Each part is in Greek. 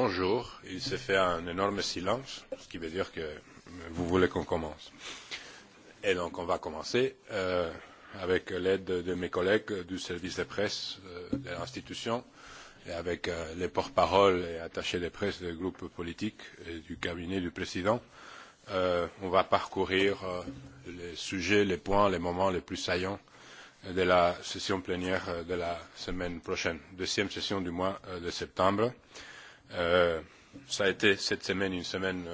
Bonjour. Il s'est fait un énorme silence, ce qui veut dire que vous voulez qu'on commence. Et donc, on va commencer avec l'aide de mes collègues du service de presse de l'institution et avec les porte-paroles et attachés de presse des groupes politiques et du cabinet du président. On va parcourir les sujets, les points, les moments les plus saillants de la session plénière de la semaine prochaine, deuxième session du mois de septembre. Ça a été cette semaine une semaine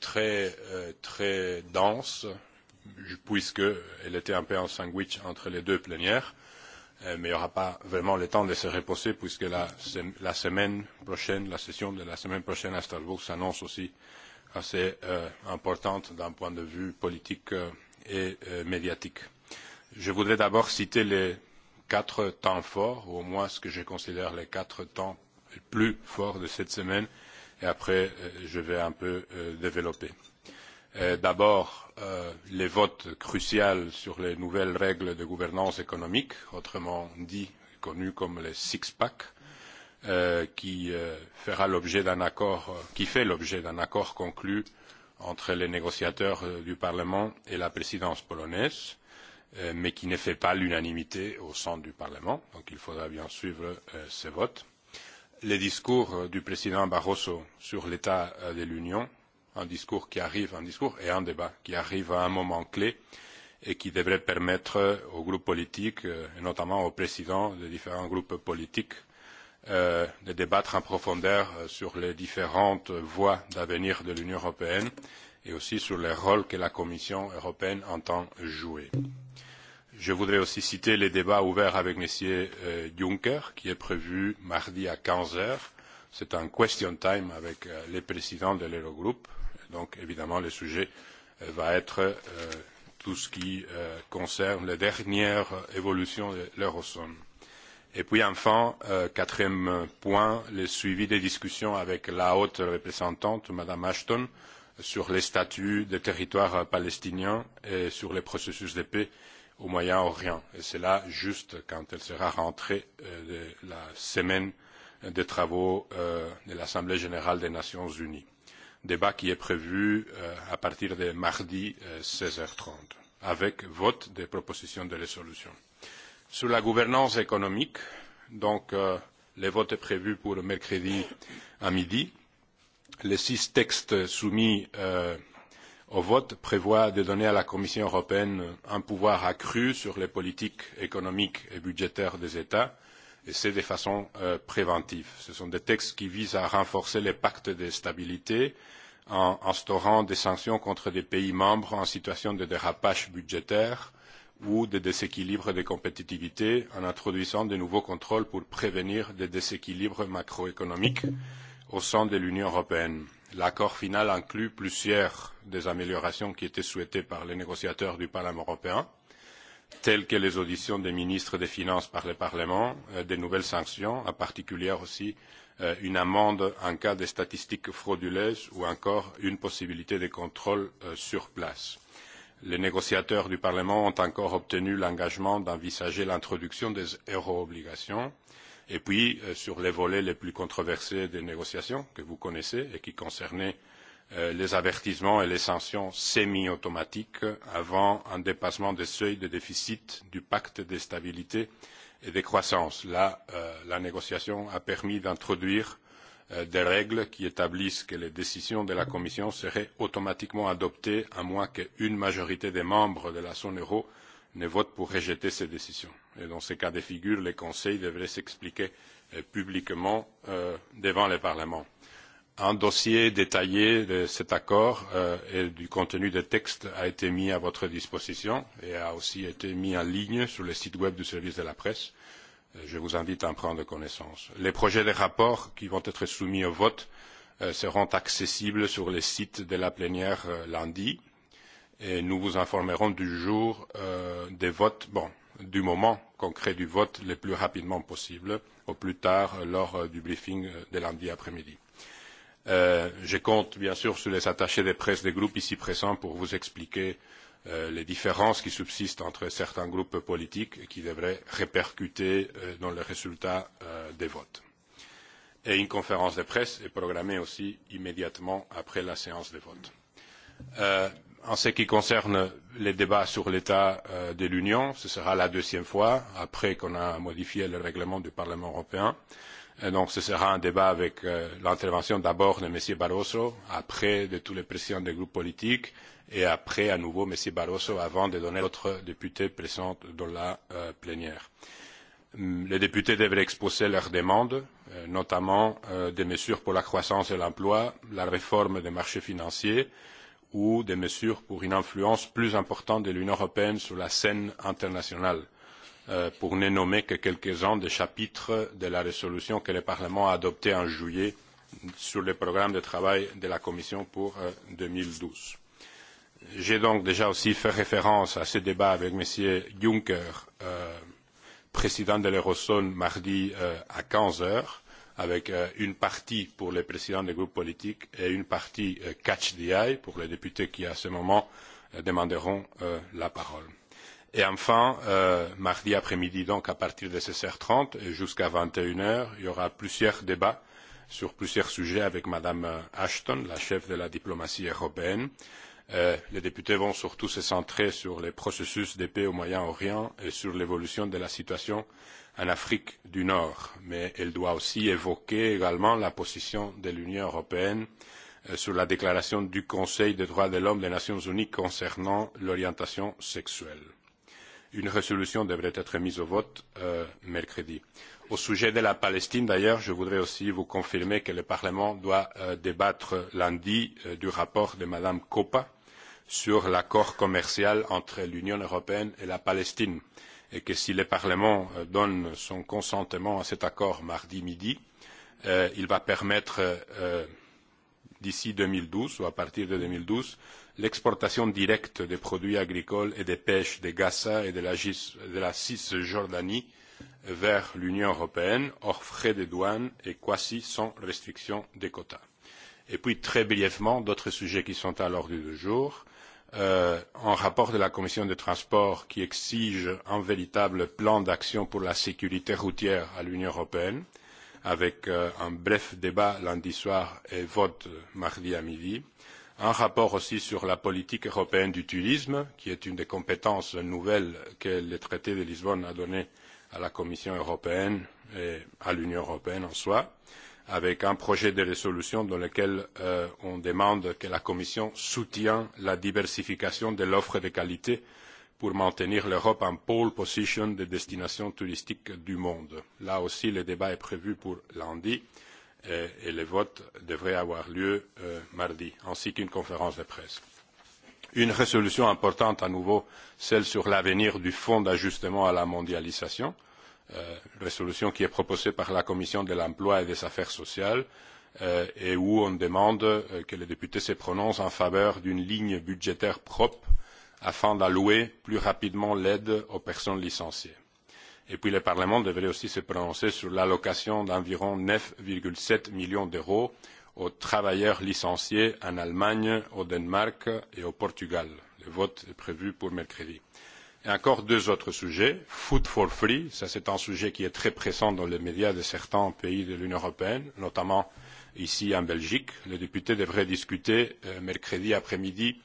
très très dense, puisqu'elle était un peu en sandwich entre les deux plénières, mais il n'y aura pas vraiment le temps de se reposer, puisque la semaine prochaine, la session de la semaine prochaine à Strasbourg s'annonce aussi assez importante d'un point de vue politique et médiatique. Je voudrais d'abord citer les quatre temps forts, ou au moins ce que je considère les quatre temps plus fort de cette semaine et après je vais un peu développer. D'abord, les votes cruciaux sur les nouvelles règles de gouvernance économique, autrement dit connues comme les six pack, qui fera l'objet d'un accord qui fait l'objet d'un accord conclu entre les négociateurs du Parlement et la présidence polonaise, mais qui ne fait pas l'unanimité au sein du Parlement, donc il faudra bien suivre ces votes les discours du président Barroso sur l'état de l'Union, un discours qui arrive, un discours et un débat qui arrive à un moment clé et qui devrait permettre aux groupes politiques, et notamment aux présidents des différents groupes politiques, de débattre en profondeur sur les différentes voies d'avenir de l'Union européenne et aussi sur le rôle que la Commission européenne entend jouer. Je voudrais aussi citer les débats ouverts avec M. Juncker, qui est prévu mardi à 15h. C'est un question time avec les présidents de l'Eurogroupe. Donc, évidemment, le sujet va être tout ce qui concerne les dernières évolutions de l'Eurozone. Et puis, enfin, quatrième point, le suivi des discussions avec la haute représentante, Mme Ashton, sur les statuts des territoires palestiniens et sur les processus de paix au Moyen-Orient. Et cela juste quand elle sera rentrée de la semaine des travaux de l'Assemblée générale des Nations unies. Débat qui est prévu à partir de mardi 16h30, avec vote des propositions de résolution. Sur la gouvernance économique, donc le vote est prévu pour mercredi à midi. Les six textes soumis au vote prévoit de donner à la Commission européenne un pouvoir accru sur les politiques économiques et budgétaires des États, et c'est de façon préventive. Ce sont des textes qui visent à renforcer les pactes de stabilité en instaurant des sanctions contre des pays membres en situation de dérapage budgétaire ou de déséquilibre de compétitivité en introduisant de nouveaux contrôles pour prévenir des déséquilibres macroéconomiques au sein de l'Union européenne. L'accord final inclut plusieurs des améliorations qui étaient souhaitées par les négociateurs du Parlement européen, telles que les auditions des ministres des Finances par le Parlement, des nouvelles sanctions, en particulier aussi une amende en cas de statistiques frauduleuses ou encore une possibilité de contrôle sur place. Les négociateurs du Parlement ont encore obtenu l'engagement d'envisager l'introduction des euro obligations Et puis, sur les volets les plus controversés des négociations, que vous connaissez, et qui concernaient les avertissements et les sanctions semi-automatiques avant un dépassement des seuils de déficit du pacte de stabilité et de croissance. Là, la négociation a permis d'introduire des règles qui établissent que les décisions de la Commission seraient automatiquement adoptées, à moins qu'une majorité des membres de la zone euro ne vote pour rejeter ces décisions dans ces cas de figure, le Conseil devraient s'expliquer publiquement devant le Parlement. Un dossier détaillé de cet accord et du contenu des textes a été mis à votre disposition et a aussi été mis en ligne sur le site web du service de la presse. Je vous invite à en prendre connaissance. Les projets de rapport qui vont être soumis au vote seront accessibles sur le site de la plénière lundi et nous vous informerons du jour des votes du moment concret du vote le plus rapidement possible, au plus tard lors du briefing de lundi après-midi. Je compte bien sûr sur les attachés de presse des groupes ici présents pour vous expliquer les différences qui subsistent entre certains groupes politiques et qui devraient répercuter dans le résultat des votes. Et une conférence de presse est programmée aussi immédiatement après la séance de vote. En ce qui concerne les débats sur l'état de l'Union, ce sera la deuxième fois, après qu'on a modifié le règlement du Parlement européen. Donc ce sera un débat avec l'intervention d'abord de M. Barroso, après de tous les présidents des groupes politiques, et après à nouveau M. Barroso avant de donner d'autres député présents dans la plénière. Les députés devraient exposer leurs demandes, notamment des mesures pour la croissance et l'emploi, la réforme des marchés financiers, ou des mesures pour une influence plus importante de l'Union européenne sur la scène internationale, pour ne nommer que quelques-uns des chapitres de la résolution que le Parlement a adoptée en juillet sur le programme de travail de la Commission pour 2012. J'ai donc déjà aussi fait référence à ce débat avec M. Juncker, président de l'Eurozone, mardi à 15 heures avec une partie pour les présidents des groupes politiques et une partie catch the eye pour les députés qui, à ce moment, demanderont la parole. Et enfin, mardi après-midi, donc à partir de 16h30 et jusqu'à 21h, il y aura plusieurs débats sur plusieurs sujets avec Mme Ashton, la chef de la diplomatie européenne Les députés vont surtout se centrer sur les processus de paix au Moyen-Orient et sur l'évolution de la situation en Afrique du Nord. Mais elle doit aussi évoquer également la position de l'Union européenne sur la déclaration du Conseil des droits de l'homme des Nations unies concernant l'orientation sexuelle. Une résolution devrait être mise au vote mercredi. Au sujet de la Palestine, d'ailleurs, je voudrais aussi vous confirmer que le Parlement doit débattre lundi du rapport de Mme Coppa sur l'accord commercial entre l'Union européenne et la Palestine et que si le Parlement donne son consentement à cet accord mardi midi, il va permettre d'ici 2012 ou à partir de 2012 l'exportation directe des produits agricoles et des pêches de Gaza et de la Cisjordanie vers l'Union européenne, hors frais de douane et quasi sans restriction des quotas. Et puis, très brièvement, d'autres sujets qui sont à l'ordre du jour un rapport de la commission des transports qui exige un véritable plan d'action pour la sécurité routière à l'union européenne avec un bref débat lundi soir et vote mardi à midi un rapport aussi sur la politique européenne du tourisme qui est une des compétences nouvelles que le traité de lisbonne a données à la commission européenne et à l'union européenne en soi avec un projet de résolution dans lequel on demande que la Commission soutienne la diversification de l'offre de qualité pour maintenir l'Europe en pole position des destinations touristiques du monde. Là aussi, le débat est prévu pour lundi et le vote devrait avoir lieu mardi, ainsi qu'une conférence de presse. Une résolution importante à nouveau, celle sur l'avenir du Fonds d'ajustement à la mondialisation résolution qui est proposée par la Commission de l'emploi et des affaires sociales et où on demande que les députés se prononcent en faveur d'une ligne budgétaire propre afin d'allouer plus rapidement l'aide aux personnes licenciées. Et puis le Parlement devrait aussi se prononcer sur l'allocation d'environ 9,7 millions d'euros aux travailleurs licenciés en Allemagne, au Danemark et au Portugal. Le vote est prévu pour mercredi. Et encore deux autres sujets. Food for free, ça c'est un sujet qui est très présent dans les médias de certains pays de l'Union européenne, notamment ici en Belgique. Les députés devraient discuter mercredi après-midi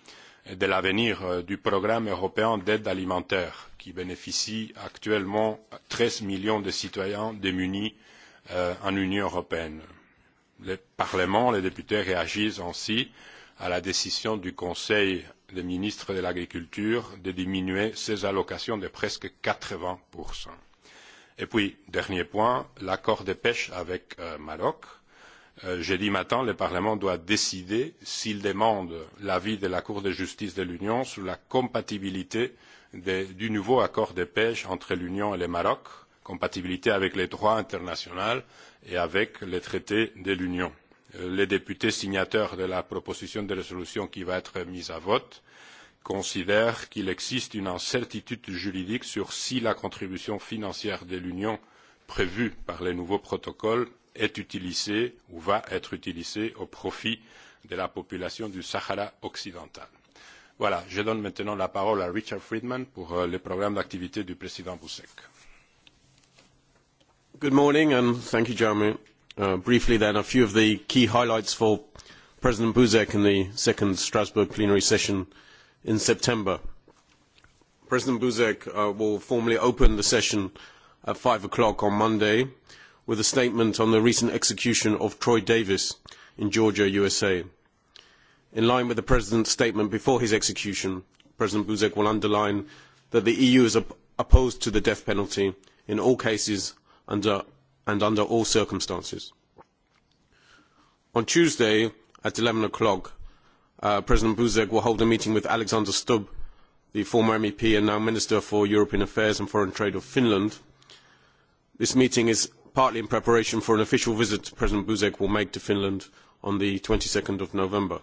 de l'avenir du programme européen d'aide alimentaire qui bénéficie actuellement à 13 millions de citoyens démunis en Union européenne. Le Parlement, les députés réagissent ainsi à la décision du Conseil le ministre de l'Agriculture de diminuer ses allocations de presque 80%. Et puis, dernier point, l'accord de pêche avec le Maroc. Jeudi matin, le Parlement doit décider s'il demande l'avis de la Cour de justice de l'Union sur la compatibilité du nouveau accord de pêche entre l'Union et le Maroc, compatibilité avec les droits internationaux et avec les traités de l'Union les députés signataires de la proposition de résolution qui va être mise à vote considèrent qu'il existe une incertitude juridique sur si la contribution financière de l'union prévue par les nouveaux protocoles est utilisée ou va être utilisée au profit de la population du sahara occidental. voilà je donne maintenant la parole à richard friedman pour le programme d'activité du président buzek. Briefly then, a few of the key highlights for President Buzek in the second Strasbourg plenary session in September. President Buzek will formally open the session at 5 o'clock on Monday with a statement on the recent execution of Troy Davis in Georgia, USA. In line with the President's statement before his execution, President Buzek will underline that the EU is opposed to the death penalty in all cases under and under all circumstances. On Tuesday at 11 o'clock, President Buzek will hold a meeting with Alexander Stubb, the former MEP and now Minister for European Affairs and Foreign Trade of Finland. This meeting is partly in preparation for an official visit President Buzek will make to Finland on the 22nd of November.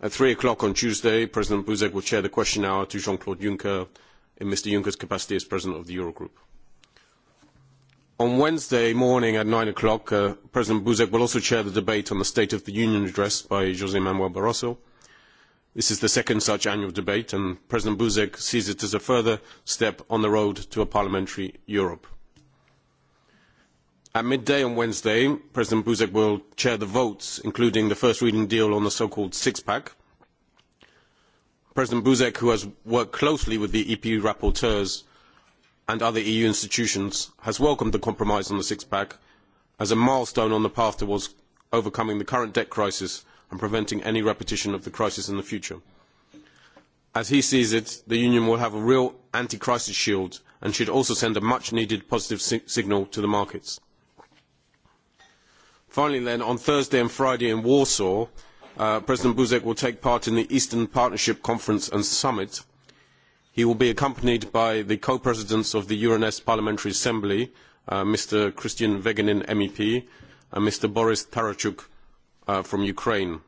At 3 o'clock on Tuesday, President Buzek will chair the question hour to Jean-Claude Juncker in Mr. Juncker's capacity as President of the Eurogroup. On Wednesday morning at 9 o'clock, President Buzek will also chair the debate on the State of the Union address by José Manuel Barroso. This is the second such annual debate, and President Buzek sees it as a further step on the road to a parliamentary Europe. At midday on Wednesday, President Buzek will chair the votes, including the first reading deal on the so-called six-pack. President Buzek, who has worked closely with the EP rapporteurs and other EU institutions has welcomed the compromise on the six pack as a milestone on the path towards overcoming the current debt crisis and preventing any repetition of the crisis in the future. As he sees it, the Union will have a real anti-crisis shield and should also send a much-needed positive signal to the markets. Finally, then, on Thursday and Friday in Warsaw, President Buzek will take part in the Eastern Partnership Conference and Summit He will be accompanied by the co-presidents of the Euronest Parliamentary Assembly, Mr. Christian Vegenin, MEP, and Mr. Boris Tarachuk from Ukraine.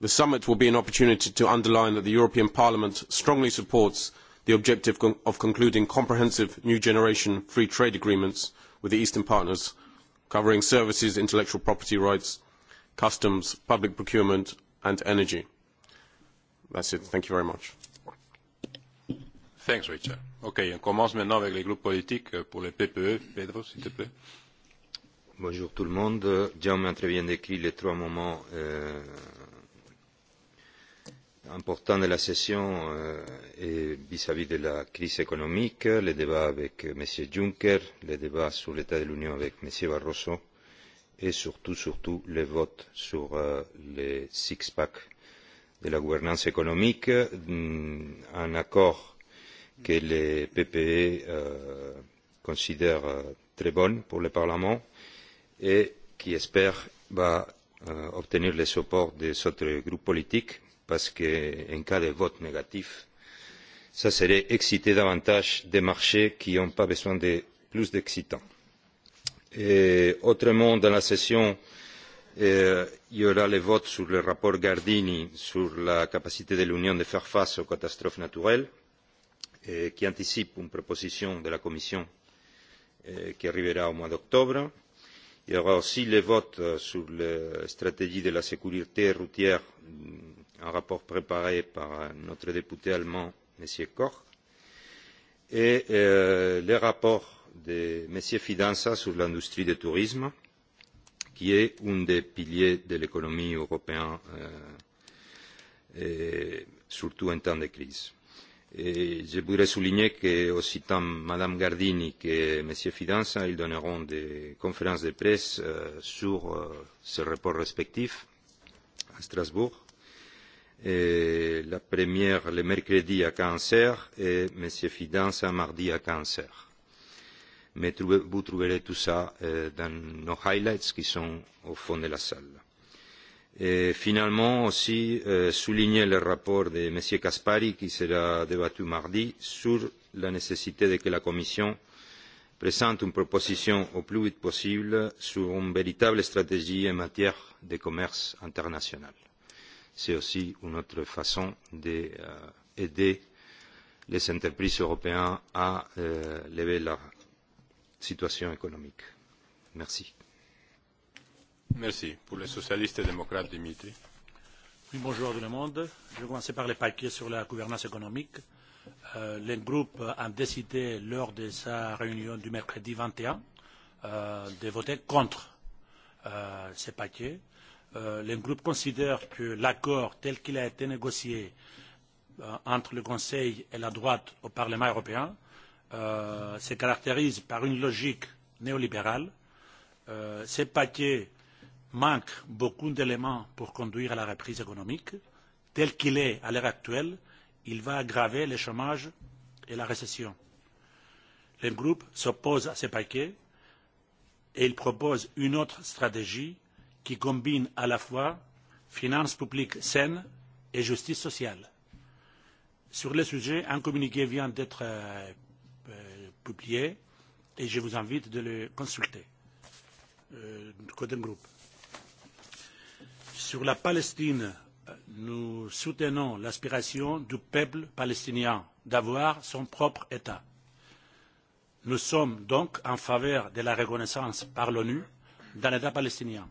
The summit will be an opportunity to underline that the European Parliament strongly supports the objective of concluding comprehensive new generation free trade agreements with the Eastern partners, covering services, intellectual property rights, customs, public procurement and energy. That's it. Thank you very much. Thanks, Richard. OK, on commence maintenant avec les groupes politiques pour le PPE. Pedro, s'il te plaît. Bonjour tout le monde. Jaume a très bien décrit les trois moments importants de la session vis-à-vis de la crise économique, le débat avec M. Juncker, le débat sur l'état de l'Union avec M. Barroso et surtout, surtout, le vote sur les six packs de la gouvernance économique, un accord que le PPE considèrent très bonne pour le Parlement et qui, espère va obtenir le support des autres groupes politiques parce qu'en cas de vote négatif, ça serait exciter davantage des marchés qui n'ont pas besoin de plus d'excitants. Autrement, dans la session, il y aura le vote sur le rapport Gardini sur la capacité de l'Union de faire face aux catastrophes naturelles qui anticipe une proposition de la Commission qui arrivera au mois d'octobre. Il y aura aussi le vote sur la stratégie de la sécurité routière, un rapport préparé par notre député allemand, M. Koch, et le rapport de M. Fidanza sur l'industrie du tourisme, qui est un des piliers de l'économie européenne, surtout en temps de crise. Je voudrais souligner que, aussi tant Mme Gardini que M. Fidanza, ils donneront des conférences de presse sur ce rapport respectif à Strasbourg. La première le mercredi à Cancer et M. Fidanza mardi à Cancer. Mais vous trouverez tout ça dans nos highlights qui sont au fond de la salle. Et finalement aussi souligner le rapport de M. Caspary qui sera débattu mardi sur la nécessité de que la Commission présente une proposition au plus vite possible sur une véritable stratégie en matière de commerce international. C'est aussi une autre façon d'aider les entreprises européennes à lever leur situation économique. Merci. Merci. Pour les socialistes et démocrates, Dimitri. Oui, bonjour tout le monde. Je vais commencer par les paquets sur la gouvernance économique. Le groupe a décidé lors de sa réunion du mercredi 21 de voter contre ces paquets. Le groupe considère que l'accord tel qu'il a été négocié entre le Conseil et la droite au Parlement européen se caractérise par une logique néolibérale. Ces paquets manque beaucoup d'éléments pour conduire à la reprise économique. Tel qu'il est à l'heure actuelle, il va aggraver le chômage et la récession. Le groupe s'oppose à ce paquet et il propose une autre stratégie qui combine à la fois finances publiques saines et justice sociale. Sur le sujet, un communiqué vient d'être publié et je vous invite de le consulter. Côté groupe. Sur la Palestine, nous soutenons l'aspiration du peuple palestinien d'avoir son propre État. Nous sommes donc en faveur de la reconnaissance par l'ONU d'un État palestinien.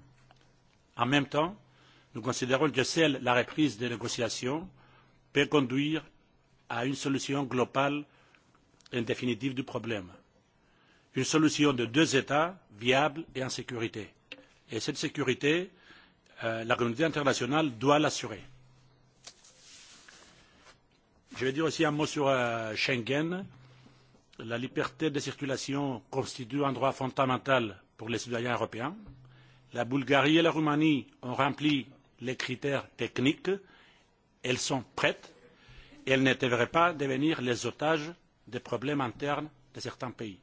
En même temps, nous considérons que seule la reprise des négociations peut conduire à une solution globale et définitive du problème. Une solution de deux États viable et en sécurité. Et cette sécurité la communauté internationale doit l'assurer. Je vais dire aussi un mot sur Schengen. La liberté de circulation constitue un droit fondamental pour les citoyens européens. La Bulgarie et la Roumanie ont rempli les critères techniques. Elles sont prêtes. et Elles ne devraient pas devenir les otages des problèmes internes de certains pays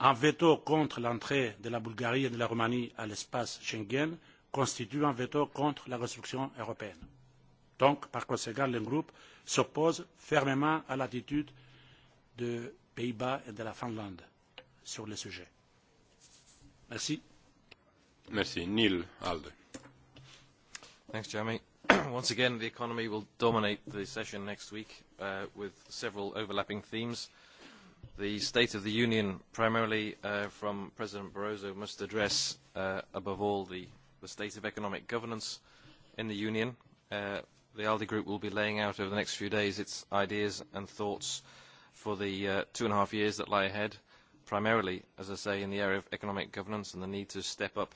un veto contre l'entrée de la Bulgarie et de la Roumanie à l'espace Schengen constitue un veto contre la construction européenne. Donc, par conséquent, le groupe s'oppose fermement à l'attitude des Pays-Bas et de la Finlande sur le sujet. Merci. Merci. Neil Alde. Thanks, Jeremy. Once again, the economy will dominate the session next week with several overlapping themes the State of the Union, primarily from President Barroso, must address above all the state of economic governance in the Union. The ALDE Group will be laying out over the next few days its ideas and thoughts for the two and a half years that lie ahead, primarily, as I say, in the area of economic governance and the need to step up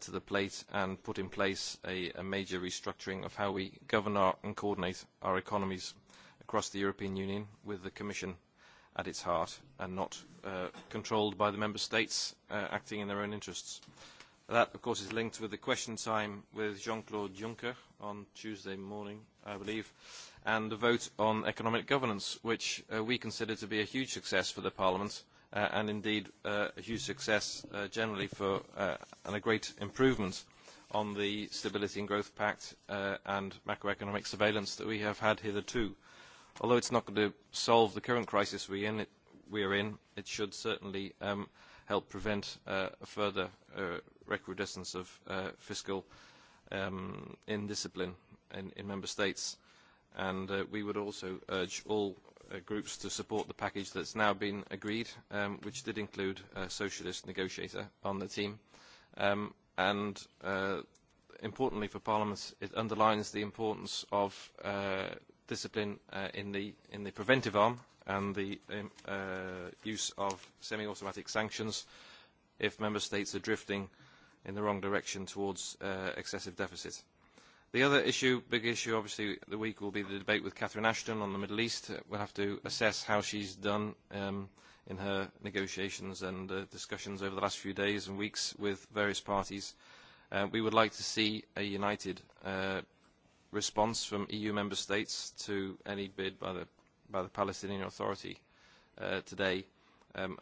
to the plate and put in place a major restructuring of how we govern and coordinate our economies across the European Union, with the Commission at its heart and not controlled by the member states acting in their own interests. That, of course, is linked with the question time with Jean-Claude Juncker on Tuesday morning, I believe, and the vote on economic governance, which we consider to be a huge success for the Parliament and indeed a huge success generally for and a great improvement on the Stability and Growth Pact and macroeconomic surveillance that we have had hitherto although it's not going to solve the current crisis we are in, it should certainly help prevent a further recrudescence of fiscal indiscipline in member states. And we would also urge all groups to support the package that's now been agreed, which did include a socialist negotiator on the team. And importantly for Parliament, it underlines the importance of discipline in the in the preventive arm and the use of semi-automatic sanctions if member states are drifting in the wrong direction towards excessive deficit. The other issue, big issue, obviously, the week will be the debate with Catherine Ashton on the Middle East. We'll have to assess how she's done in her negotiations and discussions over the last few days and weeks with various parties. We would like to see a united response from EU member states to any bid by the by the Palestinian Authority today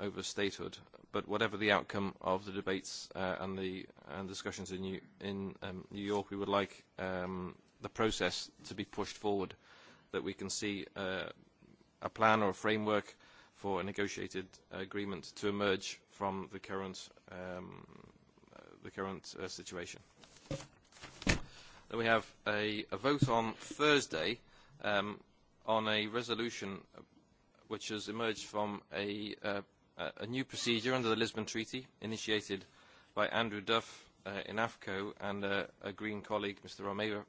over statehood. But whatever the outcome of the debates and the discussions in New in New York, we would like the process to be pushed forward, that we can see a plan or a framework for a negotiated agreement to emerge from the current the current situation we have a vote on Thursday on a resolution which has emerged from a new procedure under the Lisbon Treaty initiated by Andrew Duff in AFCO and a Green colleague, Mr. Romero,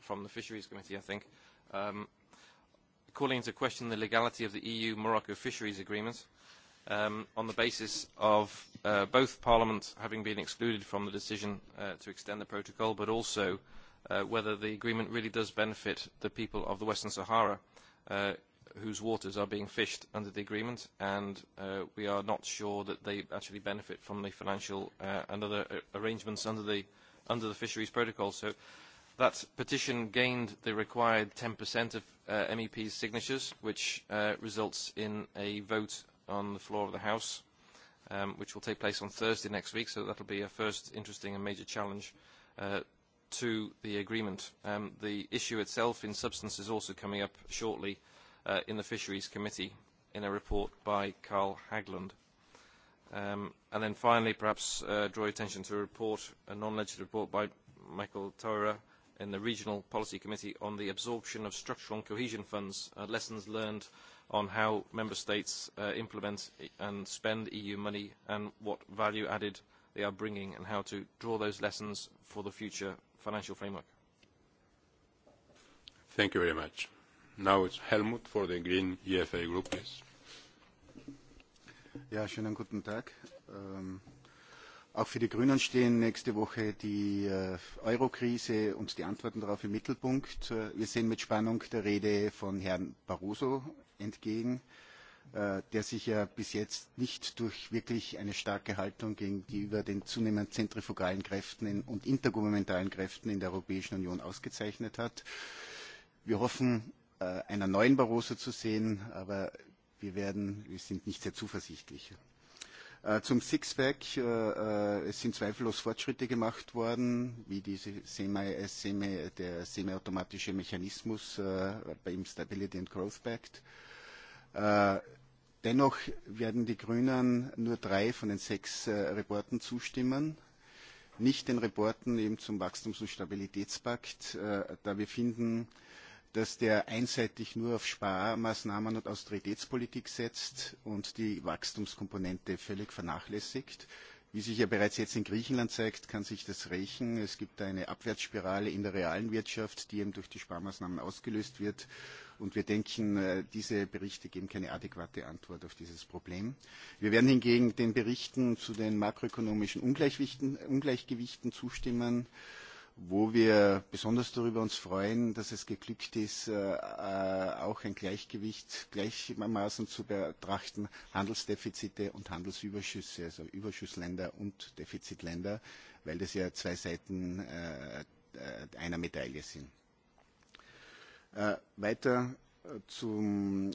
from the Fisheries Committee, I think, calling into question the legality of the EU-Morocco Fisheries Agreement on the basis of both Parliament having been excluded from the decision to extend the protocol, but also whether the agreement really does benefit the people of the Western Sahara, whose waters are being fished under the agreement, and we are not sure that they actually benefit from the financial and other arrangements under the fisheries protocol. So that petition gained the required 10% of MEP's signatures, which results in a vote on the floor of the House, which will take place on Thursday next week, so that will be a first interesting and major challenge to the agreement. The issue itself in substance is also coming up shortly in the Fisheries Committee in a report by Carl Hagland. And then finally, perhaps draw attention to a report, a non-legislative report by Michael Torra in the Regional Policy Committee on the absorption of structural and cohesion funds, lessons learned on how member states implement and spend EU money and what value added they are bringing and how to draw those lessons for the future financial framework. Thank you very much. Now it's Helmut for the Green EFA Group, please. Ja, schönen guten Tag. Auch für die Grünen stehen nächste Woche die Eurokrise und die Antworten darauf im Mittelpunkt. Wir sehen mit Spannung der Rede von Herrn Barroso entgegen, der sich ja bis jetzt nicht durch wirklich eine starke Haltung gegenüber den zunehmend zentrifugalen Kräften und intergouvernementalen Kräften in der Europäischen Union ausgezeichnet hat. Wir hoffen, einen neuen Barroso zu sehen, aber wir sind nicht sehr zuversichtlich. Zum Sixpack, es sind zweifellos Fortschritte gemacht worden, wie der semiautomatische Mechanismus beim Stability and Growth Pact. Dennoch werden die Grünen nur drei von den sechs Reporten zustimmen, nicht den Reporten zum Wachstums- und Stabilitätspakt, da wir finden, dass der einseitig nur auf Sparmaßnahmen und Austeritätspolitik setzt und die Wachstumskomponente völlig vernachlässigt. Wie sich ja bereits jetzt in Griechenland zeigt, kann sich das rächen. Es gibt eine Abwärtsspirale in der realen Wirtschaft, die eben durch die Sparmaßnahmen ausgelöst wird. Und wir denken, diese Berichte geben keine adäquate Antwort auf dieses Problem. Wir werden hingegen den Berichten zu den makroökonomischen Ungleichgewichten zustimmen wo wir besonders darüber uns freuen, dass es geglückt ist, auch ein Gleichgewicht gleichermaßen zu betrachten, Handelsdefizite und Handelsüberschüsse, also Überschussländer und Defizitländer, weil das ja zwei Seiten einer Medaille sind. Weiter zum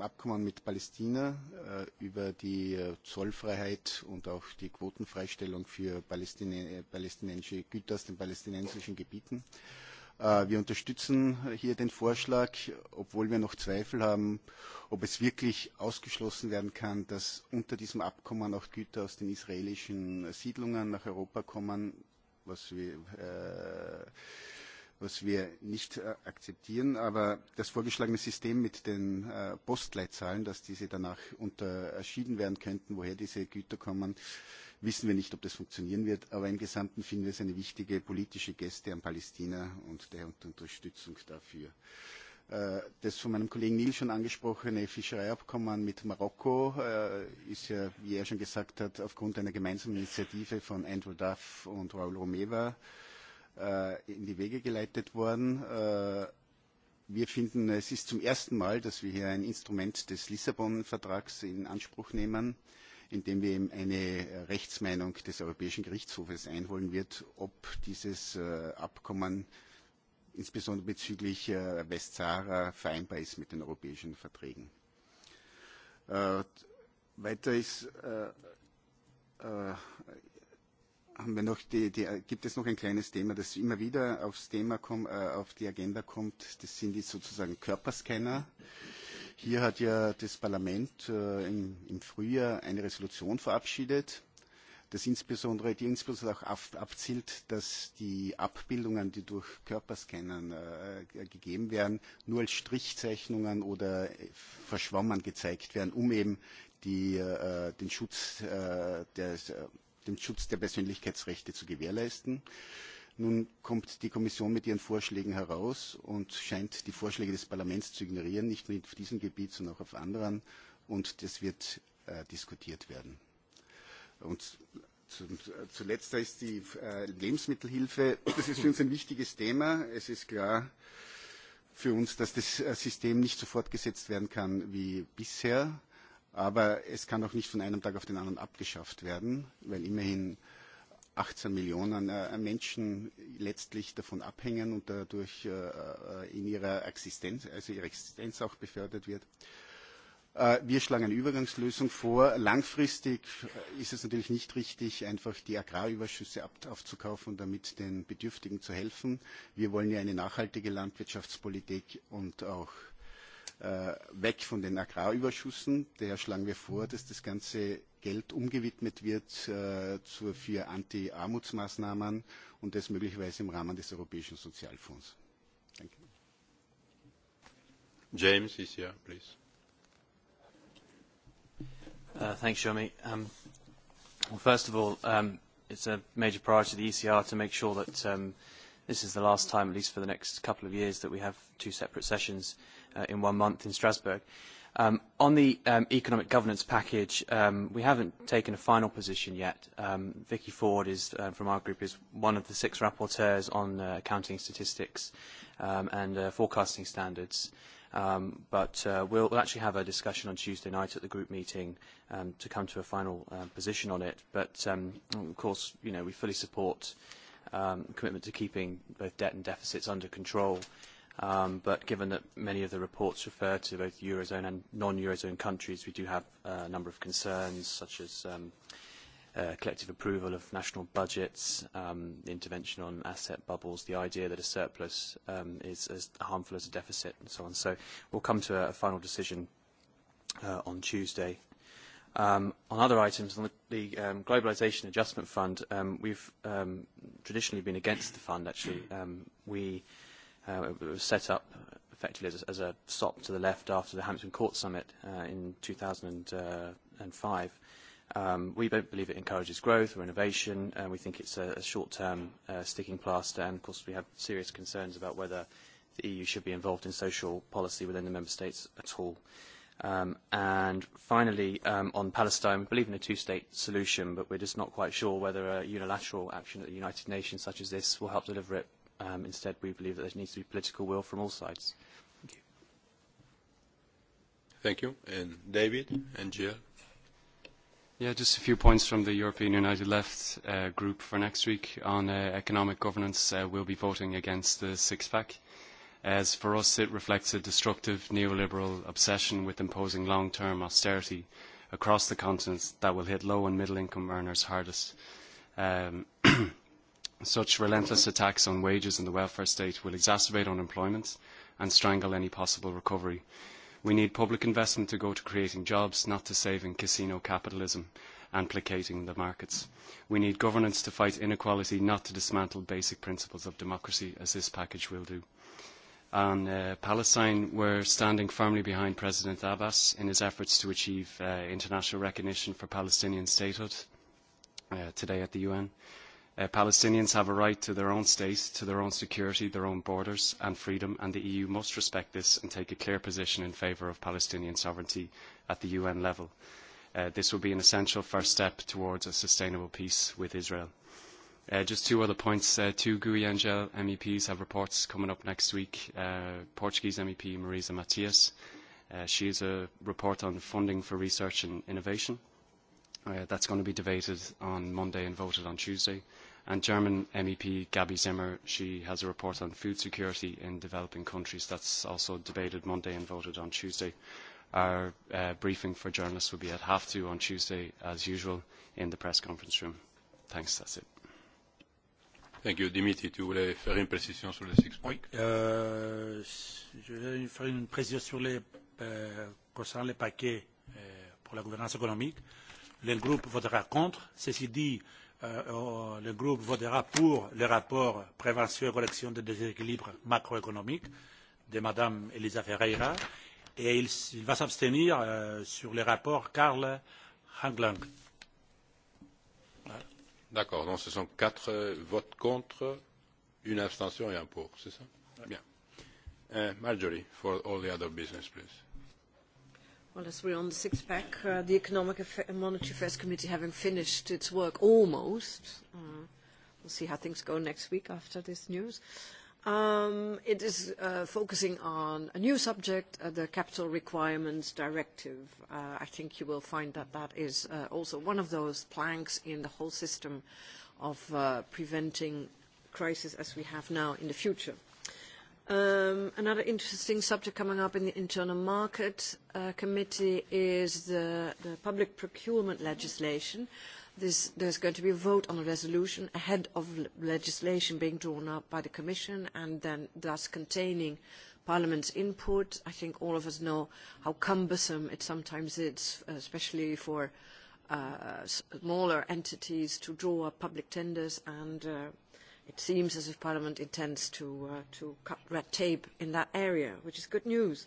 Abkommen mit Palästina über die Zollfreiheit und auch die Quotenfreistellung für palästinensische Güter aus den palästinensischen Gebieten. Wir unterstützen hier den Vorschlag, obwohl wir noch Zweifel haben, ob es wirklich ausgeschlossen werden kann, dass unter diesem Abkommen auch Güter aus den israelischen Siedlungen nach Europa kommen, was wir was wir nicht akzeptieren. Aber das vorgeschlagene System mit den Postleitzahlen, dass diese danach unterschieden werden könnten, woher diese Güter kommen, wissen wir nicht, ob das funktionieren wird. Aber im Gesamten finden wir es eine wichtige politische Geste an Palästina und der Unterstützung dafür. Das von meinem Kollegen Neil schon angesprochene Fischereiabkommen mit Marokko ist ja, wie er schon gesagt hat, aufgrund einer gemeinsamen Initiative von Andrew Duff und Raul Romeva in die Wege geleitet worden. Wir finden, es ist zum ersten Mal, dass wir hier ein Instrument des Lissabon-Vertrags in Anspruch nehmen, indem wir eine Rechtsmeinung des Europäischen Gerichtshofes einholen wird, ob dieses Abkommen insbesondere bezüglich Westsahara vereinbar ist mit den europäischen Verträgen. Weiter ist haben wir noch die, gibt es noch ein kleines Thema, das immer wieder aufs Thema auf die Agenda kommt. Das sind die sozusagen Körperscanner. Hier hat ja das Parlament im Frühjahr eine Resolution verabschiedet, das insbesondere, die insbesondere auch abzielt, dass die Abbildungen, die durch Körperscannern gegeben werden, nur als Strichzeichnungen oder verschwommen gezeigt werden, um eben die, den Schutz der den Schutz der Persönlichkeitsrechte zu gewährleisten. Nun kommt die Kommission mit ihren Vorschlägen heraus und scheint die Vorschläge des Parlaments zu ignorieren, nicht nur auf diesem Gebiet, sondern auch auf anderen. Und das wird diskutiert werden. Und zuletzt ist die Lebensmittelhilfe. Das ist für uns ein wichtiges Thema. Es ist klar für uns, dass das System nicht so fortgesetzt werden kann wie bisher Aber es kann auch nicht von einem Tag auf den anderen abgeschafft werden, weil immerhin 18 Millionen Menschen letztlich davon abhängen und dadurch in ihrer Existenz, also ihre Existenz auch befördert wird. Wir schlagen eine Übergangslösung vor. Langfristig ist es natürlich nicht richtig, einfach die Agrarüberschüsse aufzukaufen und damit den Bedürftigen zu helfen. Wir wollen ja eine nachhaltige Landwirtschaftspolitik und auch weg von den Agrarüberschüssen. Daher schlagen wir vor, dass das ganze Geld umgewidmet wird zu vier Anti-Armutsmaßnahmen und das möglicherweise im Rahmen des Europäischen Sozialfonds. Danke. James is here, please. Thanks, Jeremy. first of all, it's a major priority of the ECR to make sure that this is the last time, at least for the next couple of years, that we have two separate sessions in one month in Strasbourg. On the economic governance package, we haven't taken a final position yet. Vicky Ford is from our group is one of the six rapporteurs on accounting statistics and forecasting standards. But we'll actually have a discussion on Tuesday night at the group meeting to come to a final position on it. But of course, you know, we fully support commitment to keeping both debt and deficits under control But given that many of the reports refer to both Eurozone and non-Eurozone countries, we do have a number of concerns, such as collective approval of national budgets, intervention on asset bubbles, the idea that a surplus is as harmful as a deficit, and so on. So we'll come to a final decision on Tuesday. On other items, on the Globalisation Adjustment Fund, we've traditionally been against the fund, actually. We It was set up effectively as a SOP to the left after the Hampton Court Summit in 2005. We don't believe it encourages growth or innovation, and we think it's a short-term sticking plaster, and of course we have serious concerns about whether the EU should be involved in social policy within the member states at all. And finally, on Palestine, we believe in a two-state solution, but we're just not quite sure whether a unilateral action at the United Nations such as this will help deliver it Instead, we believe that there needs to be political will from all sides. Thank you. Thank you. And David and Jill. Yeah, just a few points from the European United Left group for next week on economic governance. We'll be voting against the six-pack. As for us, it reflects a destructive neoliberal obsession with imposing long-term austerity across the continent that will hit low and middle-income earners hardest. Um Such relentless attacks on wages and the welfare state will exacerbate unemployment and strangle any possible recovery. We need public investment to go to creating jobs, not to saving casino capitalism and placating the markets. We need governance to fight inequality, not to dismantle basic principles of democracy, as this package will do. On Palestine, we're standing firmly behind President Abbas in his efforts to achieve international recognition for Palestinian statehood today at the UN. Palestinians have a right to their own state, to their own security, their own borders and freedom, and the EU must respect this and take a clear position in favour of Palestinian sovereignty at the UN level. This will be an essential first step towards a sustainable peace with Israel. Just two other points. Two GUI Angel MEPs have reports coming up next week. Portuguese MEP Marisa Matias. She has a report on funding for research and innovation That's going to be debated on Monday and voted on Tuesday. And German MEP Gabby Zimmer, she has a report on food security in developing countries. That's also debated Monday and voted on Tuesday. Our briefing for journalists will be at half two on Tuesday, as usual, in the press conference room. Thanks, that's it. Thank you. Dimitri, tu voulais faire une précision sur the six points Je vais faire une précision sur les, concernant les paquets pour la gouvernance économique le groupe votera contre. Ceci dit, le groupe votera pour le rapport prévention et correction des déséquilibres macroéconomiques de Mme Elisa Ferreira et il va s'abstenir sur le rapport Karl Hanglang. D'accord, donc ce sont quatre votes contre, une abstention et un pour, c'est ça Bien. Marjorie, for all the other business, please. Well, as we're on the six-pack, the Economic and Monetary Affairs Committee having finished its work almost, we'll see how things go next week after this news. Um It is focusing on a new subject, the Capital Requirements Directive. I think you will find that that is also one of those planks in the whole system of preventing crisis as we have now in the future. Another interesting subject coming up in the Internal Market Committee is the public procurement legislation. There's going to be a vote on a resolution ahead of legislation being drawn up by the Commission and then thus containing Parliament's input. I think all of us know how cumbersome it sometimes is, especially for smaller entities, to draw up public tenders and it seems as if Parliament intends to to cut red tape in that area, which is good news.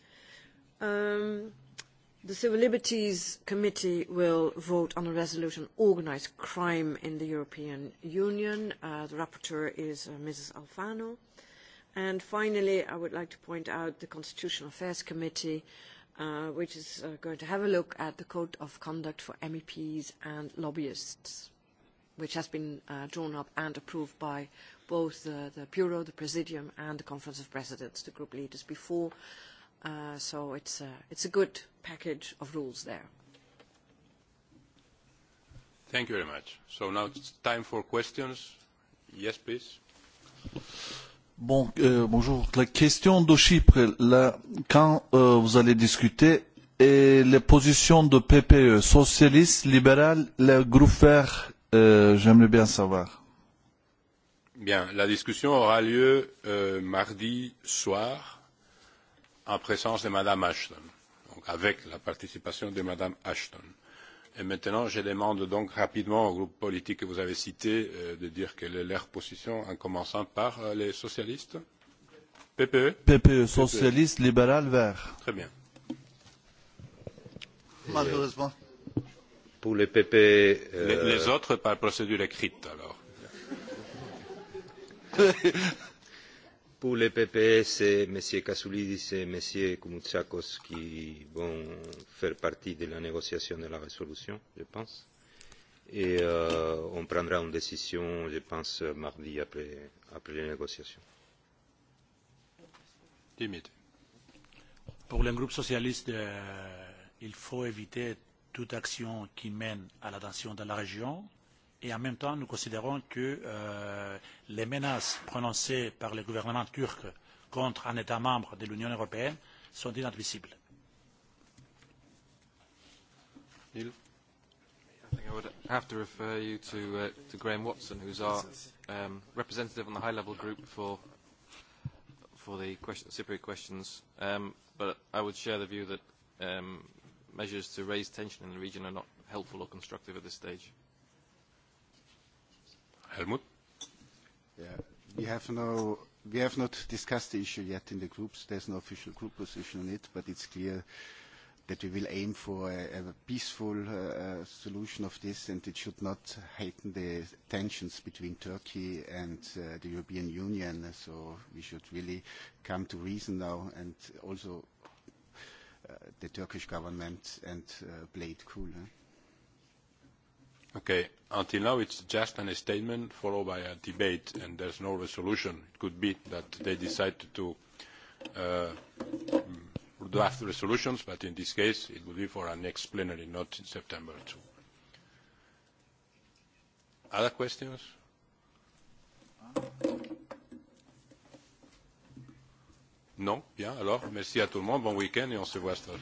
The Civil Liberties Committee will vote on a resolution on organised crime in the European Union. The rapporteur is Mrs. Alfano. And finally, I would like to point out the Constitutional Affairs Committee, which is going to have a look at the Code of Conduct for MEPs and Lobbyists which has been drawn up and approved by both the Bureau, the Presidium, and the Conference of Presidents, the group leaders before. So it's a good package of rules there. Thank you very much. So now it's time for questions. Yes, please. Bonjour. La question de Chypre, quand vous allez discuter, et les positions de PPE, socialistes, libéral, le groupe vert J'aimerais bien savoir. Bien, la discussion aura lieu mardi soir en présence de Mme Ashton, donc avec la participation de Mme Ashton. Et maintenant, je demande donc rapidement au groupe politique que vous avez cité de dire quelle est leur position, en commençant par les socialistes. PPE. PPE, socialiste, libéral, vert. Très bien. Malheureusement, Pour le PP. Les autres par procédure écrite alors. Pour les PPE, c'est M. Kasoulidis et M. Koumoutsakos qui vont faire partie de la négociation de la résolution, je pense. Et on prendra une décision, je pense, mardi après les négociations. Dimitri. Pour le groupe socialiste, il faut éviter toute action qui mène à la tension dans la région et en même temps nous considérons que les menaces prononcées par le gouvernement turc contre un État membre de l'Union européenne sont inadmissibles measures to raise tension in the region are not helpful or constructive at this stage. Helmut? Yeah, we have no we have not discussed the issue yet in the groups. There's no official group position on it, but it's clear that we will aim for a peaceful solution of this, and it should not heighten the tensions between Turkey and the European Union. So we should really come to reason now and also the Turkish government and played cool. Okay. Until now, it's just a statement followed by a debate, and there's no resolution. It could be that they decide to draft resolutions, but in this case, it would be for our next plenary, not in September. Other questions? Non Bien, alors, merci à tout le monde, bon week-end et on se voit à Strasbourg.